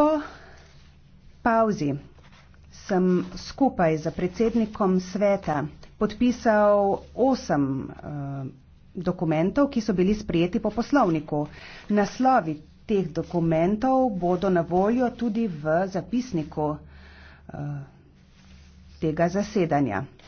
Po pauzi sem skupaj z predsednikom sveta podpisal osem eh, dokumentov, ki so bili sprijeti po poslovniku. Naslovi teh dokumentov bodo na voljo tudi v zapisniku eh, tega zasedanja.